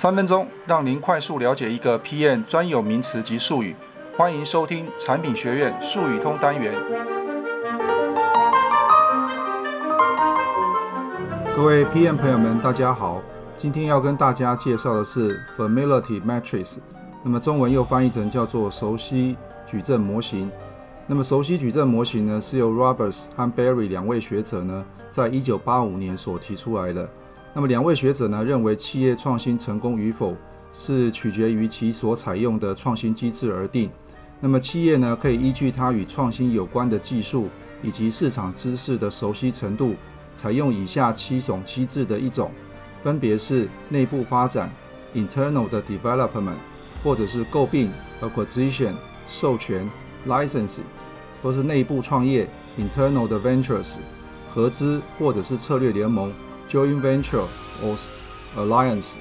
三分鐘讓您快速了解一個 PM 專有名詞及術語，歡迎收聽產品學院術語通單元。各位 PM 朋友們，大家好，今天要跟大家介紹的是 Familiarity Matrix，那麼中文又翻譯成叫做熟悉矩陣模型。那麼熟悉矩陣模型呢，是由 Roberts 和 Berry 兩位學者呢，在一九八五年所提出來的。那麼，兩位學者呢認為，企業創新成功與否是取決於其所採用的創新機制而定。那麼，企業呢可以依據它與創新有關的技術以及市場知識的熟悉程度，採用以下七種機制的一種，分別是內部發展 （internal development） 或者是購併 acquisition 授權 license 或是內部創業 （internal ventures）、合資或者是策略聯盟。Joint venture or alliance，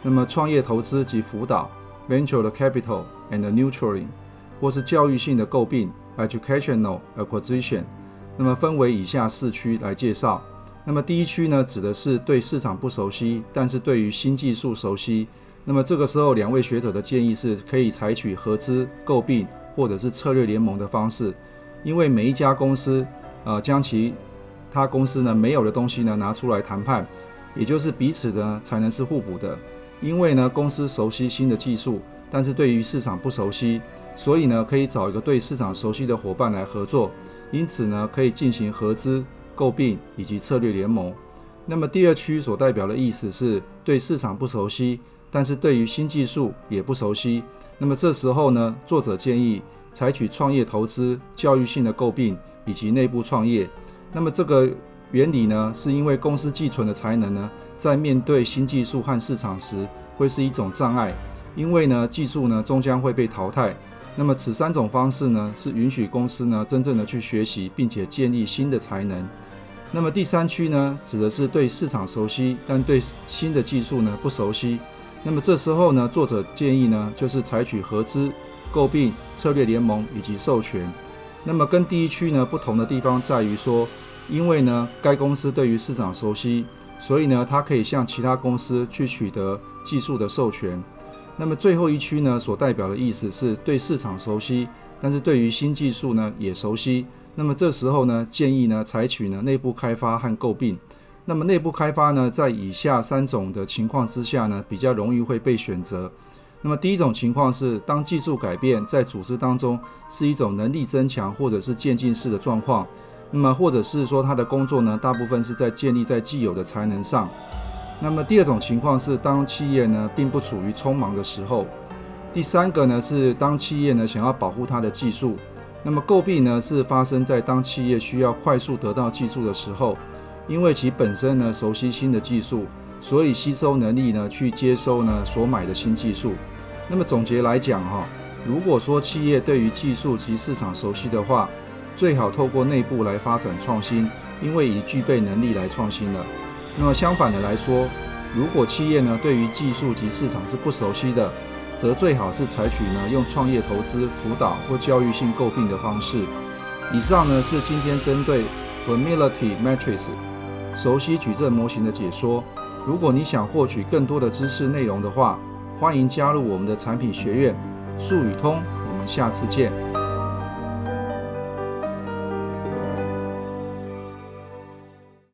那麼創業投資及輔導 （venture the capital and nurturing） 或是教育性的購病 e d u c a t i o n a l acquisition），那麼分為以下四區來介紹。那麼第一區呢，指的是對市場不熟悉，但是對於新技術熟悉。那麼這個時候，兩位學者的建議是可以採取合資購併或者是策略聯盟的方式，因為每一家公司，呃，將其。他公司呢沒有的東西呢拿出來談判，也就是彼此的呢才能是互補的。因為呢公司熟悉新的技術，但是對於市場不熟悉，所以呢可以找一個對市場熟悉的夥伴來合作。因此呢可以進行合資、購並以及策略聯盟。那麼第二區所代表的意思是對市場不熟悉，但是對於新技術也不熟悉。那麼這時候呢，作者建議採取創業投資、教育性的購並以及內部創業。那麼這個原理呢，是因為公司既存的才能呢，在面對新技術和市場時，會是一種障礙。因為呢，技術呢，終將會被淘汰。那麼此三種方式呢，是允許公司呢，真正的去學習，並且建立新的才能。那麼第三區呢，指的是對市場熟悉，但對新的技術呢，不熟悉。那麼這時候呢，作者建議呢，就是採取合資、購併、策略聯盟以及授權。那麼跟第一區呢，不同的地方在於說，因為呢，該公司對於市場熟悉，所以呢，它可以向其他公司去取得技術的授權。那麼最後一區呢，所代表的意思是對市場熟悉，但是對於新技術呢，也熟悉。那麼這時候呢，建議呢，採取呢，內部開發和購併。那麼內部開發呢，在以下三種的情況之下呢，比較容易會被選擇。那麼第一種情況是，當技術改變在組織當中是一種能力增強或者是漸進式的狀況，那麼或者是說他的工作呢，大部分是在建立在既有的才能上。那麼第二種情況是，當企業呢並不處於匆忙的時候。第三個呢是當企業呢想要保護它的技術，那麼購併呢是發生在當企業需要快速得到技術的時候，因為其本身呢熟悉新的技術。所以吸收能力呢，去接收呢所買的新技術。那麼總結來講哈、哦，如果說企業對於技術及市場熟悉的話，最好透過內部來發展創新，因為已具備能力來創新了。那麼相反的來說，如果企業呢對於技術及市場是不熟悉的，則最好是採取呢用創業投資輔導或教育性購併的方式。以上呢是今天針對 Familiarity Matrix 熟悉矩陣模型的解說。如果你想獲取更多的知識內容的話，歡迎加入我們的產品學院，術語通。我們下次見。